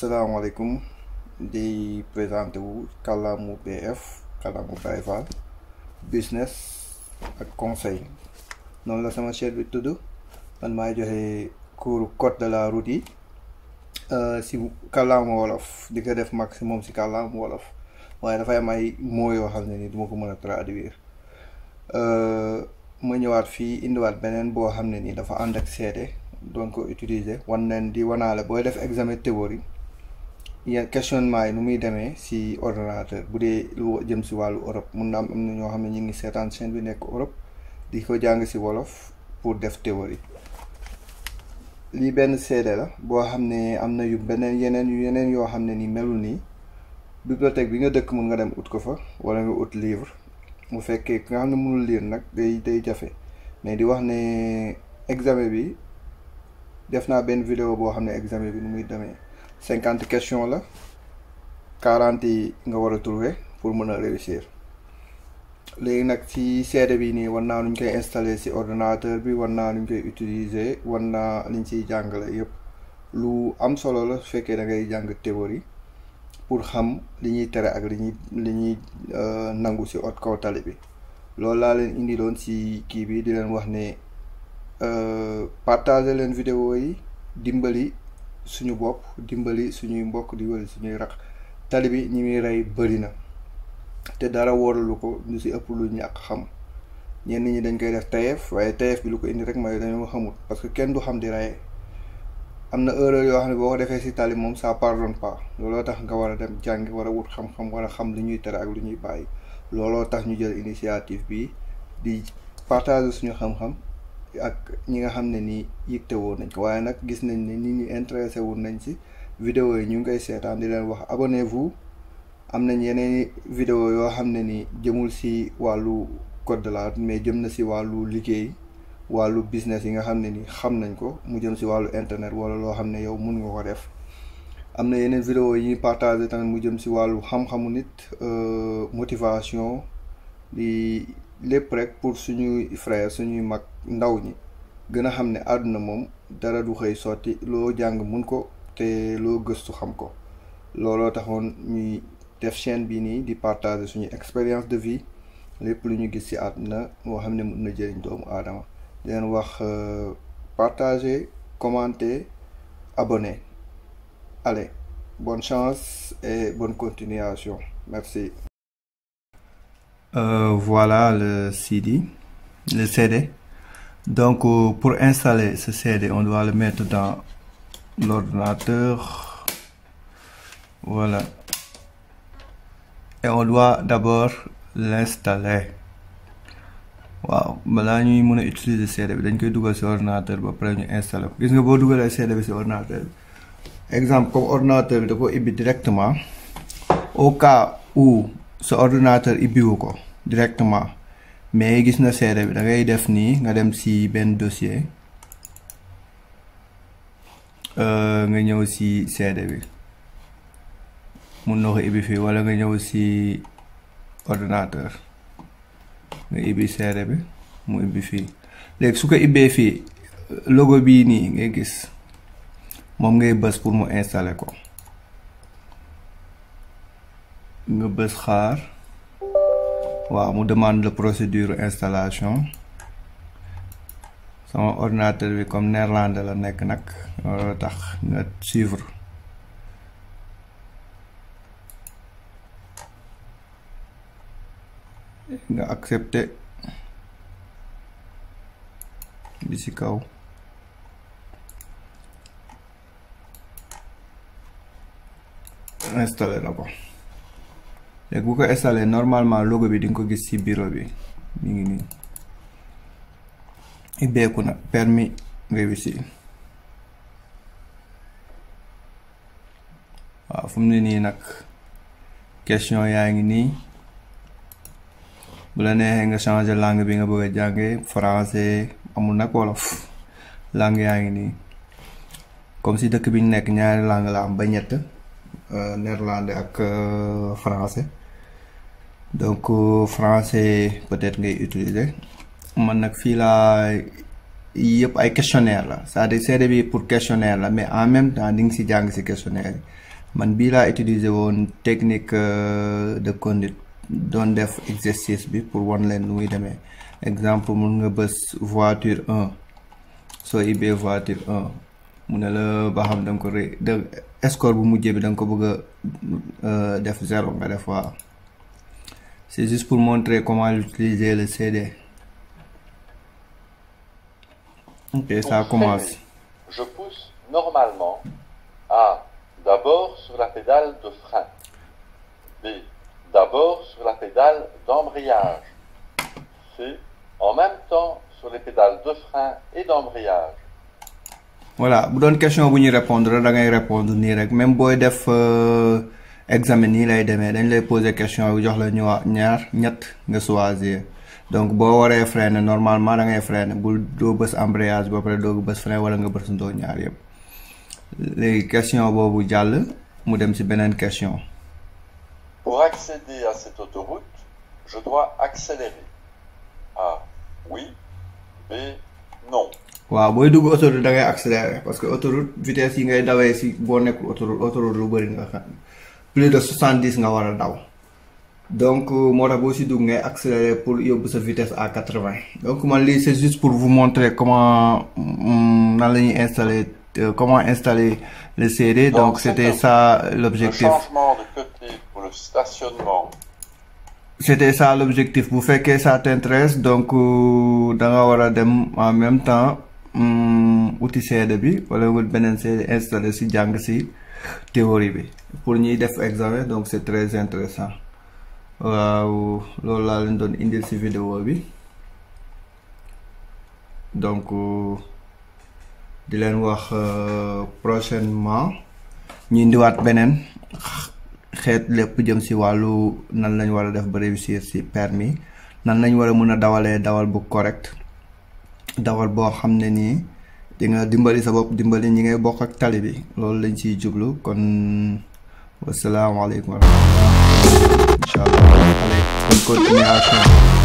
salaamaaleykum di présenté wu kàllaamu BF kàllaamu Baye Fall business ak conseil noonu la sama chaîne bi tudd man maay joxe cours code de la route yi euh, si kàllaamu wolof di ko def maximum si kàllaamu wolof waaye dafay am ay xam ne nii duma ko mën a traduire euh, ma ñëwaat fii indiwaat beneen boo xam ne nii dafa ànd ak seede doon ko utiliser wan leen di wanaale booy def examen théorie ya questionnement yi nu muy demee si ordinateur bu dee lu jëm si wàllu Europe mun na am am na ñoo xam ne ñu ngi seetaan chaîne bi nekk Europe di ko jàng si wolof pour def théorie lii benn CD la boo xam ne am na yu beneen yeneen yeneen yoo xam ne nii melul nii bibliothèque bi nga dëkk mun nga dem ut ko fa wala nga ut livre mu fekkee ki nga xam ne mënul lire nag day day jafe mais di wax ne examen bi def naa benn video boo xam ne examen bi nu muy demee. cinquante question la quarante yi nga war a trouver pour mën a réussir léegi nag ci seede bi nii war naa nuñ koy installer ci ordinateur bi war naa nuñ koy utiliser war naa liñ ciy jàngale yépp lu am solo la su fekkee da ngay jàng théorie pour xam li ñuy tere ak li ñuy li ñuy euh, nangu ci ot kaw tali bi loolu laa leen indi loon ci kii bi di leen wax ne euh, partager leen vidéo yi dimbali suñu bopp dimbali suñuy mbokk di wëri suñuy raq tali bi ñi muy rey bëri na te dara lu ko ñu si ëpp lu ñàkk xam ñenn ñi dañ koy def tayeef waaye tayeef bi lu ko indi rek mooy dañoo xamul parce que kenn du xam di rey am na erreur yoo xam boo defee si tali moom ça pardonne pas looloo tax nga war a dem jàngi war a wut xam-xam xam lu ñuy tere ak lu ñuy bàyyi looloo tax ñu jël initiative bi di partager suñu xam-xam ak ñi nga xam ne nii yëgte woon nañ ko waaye nag gis nañ ne nit ñi intéressé woon nañ si vidéo yi ñu ngi koy seetaan di leen wax abonnez-vous am nañ yeneen vidéo yoo xam ne ni jëmul si wàllu code de laat mais jëm na si wàllu liggéey wàllu business yi nga xam ne nii xam nañ ko mu jëm si wàllu internet wala loo xam ne yow mun nga ko def am na yeneen vidéo yi partagé tamit mu jëm si wàllu xam-xamu nit euh, motivation di lépp rek pour suñuy frère suñuy mag ndaw ñi gën a xam ne àdduna moom dara du xëy sotti loo jàng mun ko te loo gëstu xam ko looloo taxoon ñuy def chaîne bi nii di partager suñuy expérience de vie lépp lu ñu gis ci àdduna moo xam ne mun na jëriñ doomu aadama di leen wax euh, partager commenter abonner allez bonne chance et bonne continuation merci Euh, voilà le CD, le Donc euh, pour installer ce CD, on doit le mettre dans l'ordinateur. Voilà. Et on doit d'abord l'installer. waaw balaa ñuy mun a utiliser CD bi dañ koy dugal ci ordinateur ba pare ñu installé ko gis nga boo dugalee CD bi ci ordinateur exemple comme ordinateur bi da ko directement au cas sa ordinateur ibbiwu ko directement mais gis na seede bi da ngay def nii nga dem si benn dossier euh, nga ñëw si seede bi mun na ko ibbi fii wala nga ñëw si ordinateur nga ibbi seede bi mu ibbi fii léegi su ko ibbee fii logo bii nii ngay gis moom ngay bës pour mu installer ko nga bës xaar waaw mu demand la procédure installation sama ordinateur bi comme néerlandais la nekk nag loolu tax nga suivre bi ci kaw installé na ko léegi bu ko installé normalement logo bi di nga ko gis ci bureau bi mi ngi nii ibbeeku na permis réussi waaw fu ne nii nag question yaa ngi nii bu la neexee nga changer langue bi nga bëgg jànge français amul nag wolof langue yaa ngi nii comme si dëkk bi ñu nekk ñaari langue la am ba ñett euh, néerlandais ak euh, français donc euh, français peut-être ngay utiliser man nag fii laa yëpp ay questionnaire la cest de dire bi pour questionnaire la mais en même temps di nga si jàng si questionnaire yi man bii laa utiliser woon technique euh, de conduite doon def exercice bi pour wan leen lu muy demee exemple mun nga bës voiture un soo ibee voiture un mu ne la ba xam da nga ko ré de score bu mujjee bi danga ko bëgg a euh, def zéro nga def waaw c'est juste pour montrer comment utiliser le CD je pousse normalement A d'abord sur la pédale de frein B d'abord sur la pédale d'embrayage C en même temps sur les pédales de frein et d'embrayage voilà bu doon question bu ñuy répondre da ngay répondre nii rek même booy def euh, examen nii lay demee dañ lay poser question bu jox la ñoo ñaar ñett nga choisir donc boo waree freiner normalement da ngay freiner bul doo bës embrayage ba pare doo bës frein wala nga bës ndoo ñaar yëpp léegi question boobu jàll mu dem ci beneen question. Pour accéder à cette autoroute, je dois accélérer. booy dugg autoroute da ngay parce que autoroute vitesse yi ngay dawee si boo nekkul autoroute autoroute lu bëri nga xam. plus de soixante dix nga war a daw donc moo tax boo si dugg ngay accélérer pour yóbbu sa vitesse à quatre vingt. donc man lii c' juste pour vous montrer comment mm, nan la ñuy installer euh, comment installer le CD donc, donc c' ça l' le changement de côté pour le stationnement. bu fekkee ça t'intéresse donc euh, da nga war a dem en même temps outil mm, CD bi wala beneen CD installer si jàng si. théorie bi pour ñuy def examen donc c'est très intéressant waaw loolu laa leen doon indil ci vidéo bi donc di leen wax euh, prochainement ñu indiwaat beneen xeet lépp jëm ci wàllu nan lañ war a def ba réussir ci permis nan lañu war a mën a dawalee dawal bu correct dawal boo xam ne nii di dimbali sa bopp dimbali ñi ngay bokk ak tali bi loolu lañ ciy jublu kon wasalaamaaleykum wa rahmatulah incha allah kon continuation